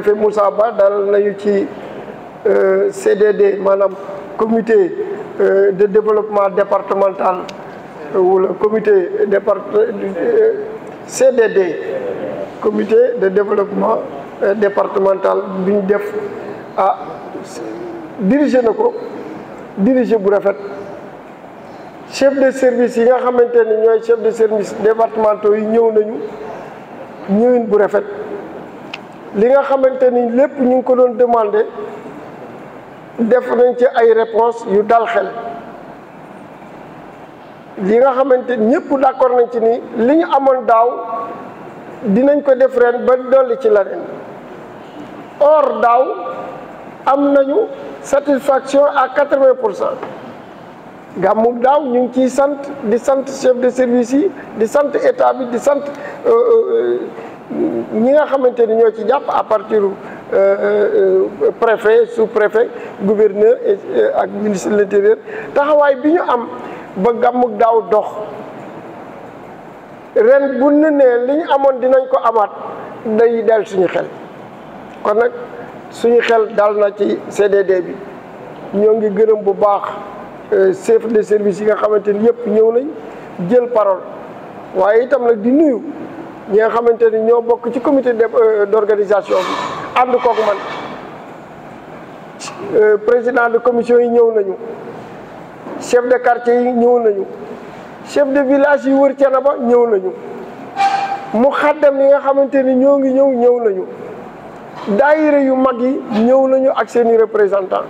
préfet Moussa Ba dal nañu ci euh, CDD maanaam euh, euh, comité de développement départemental wala comité départ CDD comité de développement départemental bi ñu def ah dirigé na ko dirigé bu rafet chef de service yi nga xamante ne ñooy chef de service départementaux yi ñëw nañu ñëwin bu rafet li nga xamante ni lépp ñu ngi ko doon demandé def nañ ci ay réponse yu dal xel li nga xamante ñëpp d'accord nañ ci ni li ñu amoon daaw dinañ ko def ren ba dolli ci la ren or daaw am nañu satisfaction à quatre-vingt pour cent gàmmu daaw ñu ngi ciy sant di sant chef de service yi di sant état bi di sant euh, euh, ñi nga xamante ni ñoo ci jàpp à partir euh, euh, euh, préfet sous-préfet gouverneur ak ministre de l'intérieur taxawaay bi ñu am ba gàmmug daaw dox ren bu ñu nee li ñu amoon dinañ ko amaat day dal suñu xel kon nag suñu xel dal na ci CDD bi ñoo ngi gënëm bu baax chef de service yi nga xamante ni yëpp ñëw nañ jël parole waaye itam nag di nuyu ñi nga xamante ni ñoo bokk ci comité euh, d'organisation bi ànd kook man euh, président de commission yi ñëw nañu chef de quartier yi ñëw nañu chef de village yi wër na Thiénaba ñëw nañu mu xaddam yi nga xamante ni ñoo ngi ñëw ñëw nañu daayira yu mag yi ñëw nañu ak seeni représentant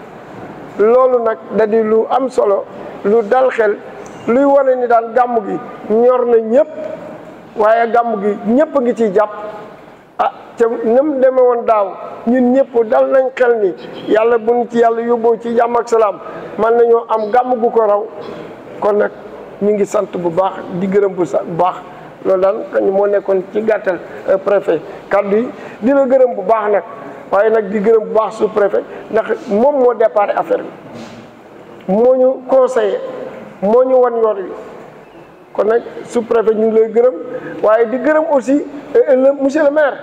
loolu nag da lu am solo lu dal xel luy wane ni daal gàmm gi ñor na ñëpp waaye gàmm gi ñëpp a ngi ci jàpp ah te na mu woon daaw ñun ñëpp dal nañ xel ni yàlla buñ ci yàlla yóbboo ci jàmm ak salaam man nañoo am gàmm gu ko raw kon nag ñu ngi sant bu baax di gërëm bu bu baax loolu daal kañ moo nekkoon ci gàttal euh, préfet kàddu yi di la gërëm bu baax nag waaye nag di gërëm bu baax su préfet ndax moom moo déparé affaire bi moo ñu conseillé moo ñu wan yoon wi kon nag su préfet ñu ngi lay gërëm waaye di gërëm aussi euh, monsieur le maire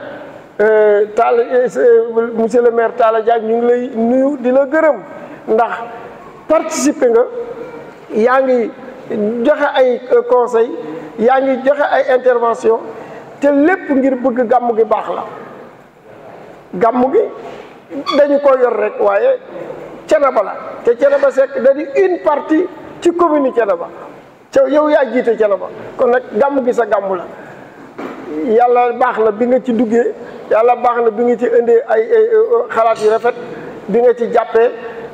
euh, Talla euh, monsieur le maire Talla Diagne ñu ngi lay nuyu di la gërëm ndax participer nga yaa ngi joxe ay conseil yaa ngi joxe ay intervention te lépp ngir bëgg gàmm gi baax la gàmm gi dañu ko yor rek waaye Thiénaba la te Thiénaba Seck da di une partie ci commune Thiénaba ca yow yaa jiite Thiénaba kon nag gàmm gi sa gàmm la yàlla baax la bi nga ci duggee yàlla baax la bi nga ci indee ay xalaat yu rafet bi nga ci jàppee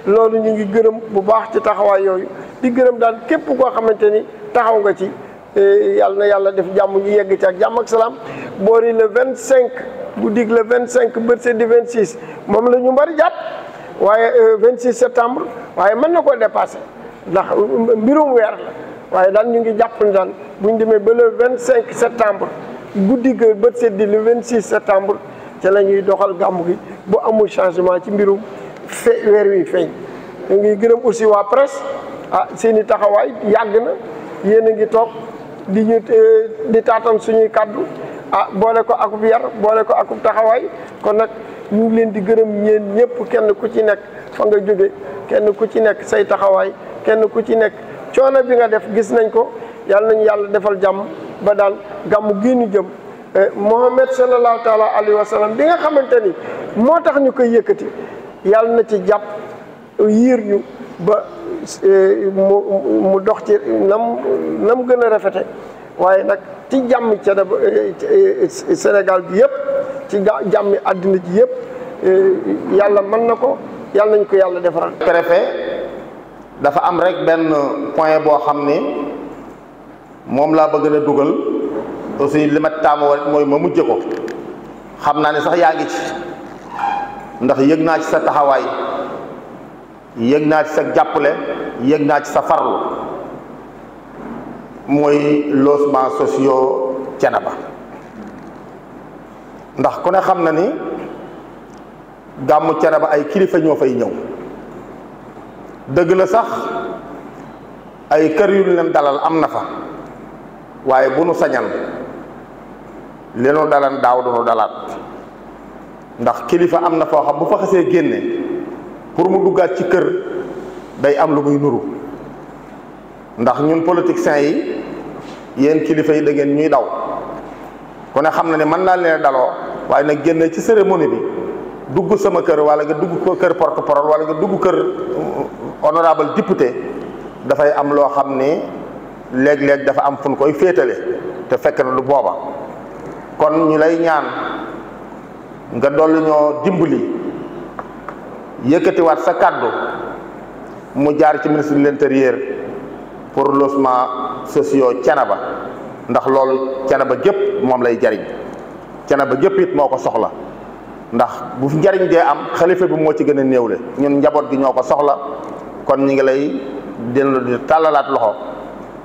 loolu ñu ngi gërëm bu baax ci taxawaay yooyu di gërëm daal képp koo xamante ni taxaw nga ci eh, yàlla na yàlla def jàmm ñu yegg ci ak jàmm ak salaam boori le vingt cinq guddig le vingt cinq bëccëg di vingt six moom la ñu mbari jàpp waaye euh, vingt six septembre waaye mën na koo dépassé ndax euh, mbirum weer la waaye daal ñu ngi jàpp ni daal bu ñu demee ba le vingt cinq septembre guddi ga bët seddi le vingt six septembre ca la ñuy doxal gàmmu gi bu amul changement ci mbirum fe weer wi feeñ. ñu ngi gërëm aussi waa presse ah seen i taxawaay yàgg na yéen a ngi toog di ñu eh, di taatan suñuy kàddu ah boole ko akub yar boole ko akub taxawaay kon nag ñu leen di gërëm ñeen ñëpp kenn ku ci nekk fa nga jóge kenn ku ci nekk say taxawaay kenn ku ci nekk. coono bi nga def gis nañ ko yàlla nañu yàlla defal jàmm ba daal gàmmu gii ñu jëm eh, Muhammad sallallahu taala alayhi wa bi nga xamante ni moo tax ñu koy yëkkati yàlla na ci jàpp yiir ñu ba eh, mu dox ci na mu gën a rafete waaye nag ci jàmm ca eh, Sénégal bi yëpp ci jàmmi àddina ji yëpp yàlla mën na ko yàlla nañ ko yàlla defaral préfet dafa am rek benn point boo xam ni moom laa bëgg na dugal aussi li ma taamu rek mooy ma mujj ko xam naa ni sax yaa ngi ci ndax yëg naa ci sa taxawaay yëg naa ci sa jàppale yëg naa ci sa farlu mooy logement sociaux ba ndax ku ne xam na ni gàmmu ba ay kilifa ñoo fay ñëw dëgg la sax ay kër yu leen dalal am na fa waaye bu nu sañal li nu dalan daaw du nu dalaat ndax kilifa am na foo xam bu fa xasee génne pour mu duggaat ci kër day am lu muy nuru ndax ñun politiciens yi yenn kilifa yi da ngeen ñuy daw ku ne xam na ne mën naa leen daloo waaye nag génne ci cérémonie bi dugg sama kër wala nga dugg kër porte-parole wala nga dugg kër honorable député dafay am loo xam ni léeg-léeg dafa am fu koy féetale te fekk na lu booba kon ñu lay ñaan nga dolli ñoo dimbali yëkkatiwaat sa kàddu mu jaar ci ministre de l'intérieur pour logement sociaux Thiénaba ndax loolu Thiénaba gépp moom lay jariñ Thiénaba gépp it moo ko soxla ndax bu njariñ dee am xalifa bi moo ci gën a néewle ñun njaboot gi ñoo ko soxla kon ñi ngi lay dina la tàllalaat loxo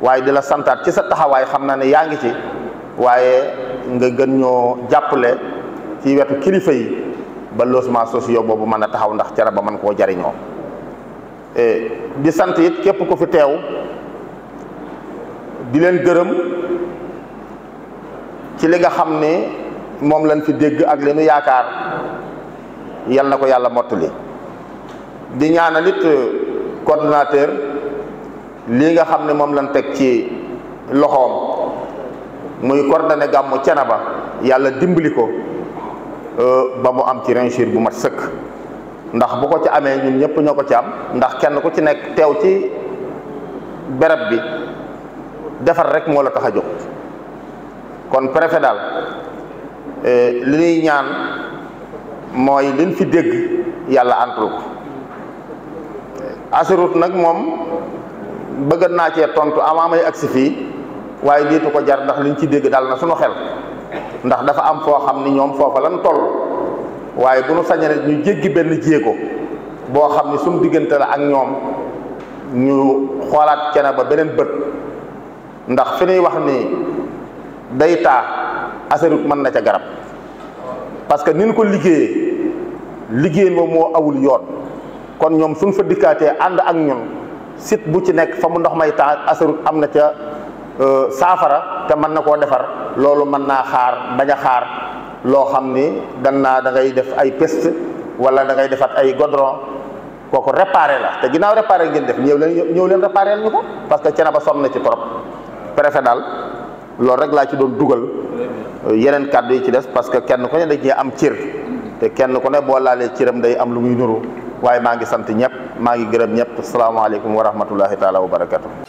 waaye di la santaat ci sa taxawaay xam naa ne yaa ngi ci waaye nga gën ñoo jàppale ci wetu kilifa yi ba logement sociaux boobu mën a taxaw ndax cere ba mën koo jariñoo e, di sant it képp ku fi teew di leen gërëm ci li nga xam ni moom lañ fi dégg ak leenu yaakaar yal na ko yàlla mottali di ñaanal it coordonnateur lii nga xam ne moom lañ teg ci loxoom muy coordonné gàmmu Thiénaba yàlla dimbali ko euh, ba mu am ci réussite bu mat sëkk ndax bu ko ci amee ñun ñëpp ñoo ko ci am ndax kenn ku ci nekk teew ci béréb bi defar rek moo la tax a jóg kon préfet daal euh, li ñuy ñaan mooy liñ fi dégg yàlla antul asarut nag moom bëgg naa cee tontu avant may agsi fii waaye déetu ko jar ndax liñ ci dégg dal na suñu xel ndax dafa am foo xam ni ñoom foofa lan toll waaye bu nu sañee ñu jéggi benn jéego boo xam ni sum diggante la ak ñoom ñu xoolaat cene ba beneen bët ndax fi ñuy wax ni day taa asarut mën na ca garab parce que ni ko liggéeye liggéey ba moo awul yoon kon ñoom suñ fa dikkaatee ànd ak ñun sit bu ci nekk fa mu ndox may taa asarut am na ca euh, saafara te mën na koo defar loolu mën naa xaar bañ xaar loo xam ni dan naa da ngay def ay peste wala da ngay defaat ay godron kooku réparé la te ginnaaw réparé ngeen def ñëw leen ñëw leen réparé ñu ko parce que cene ba sonn na ci trop préfet daal loolu rek laa ci doon dugal euh, yeneen kàddu yi ci des parce que kenn ko ne dañuy am cër te kenn ku ne boo laalee cëram day am lu muy nuru waaye maa ngi sant ñëpp maa ngi gërëm ñëpp salaamaaleykum wa rahmatullahi taala wa barakatu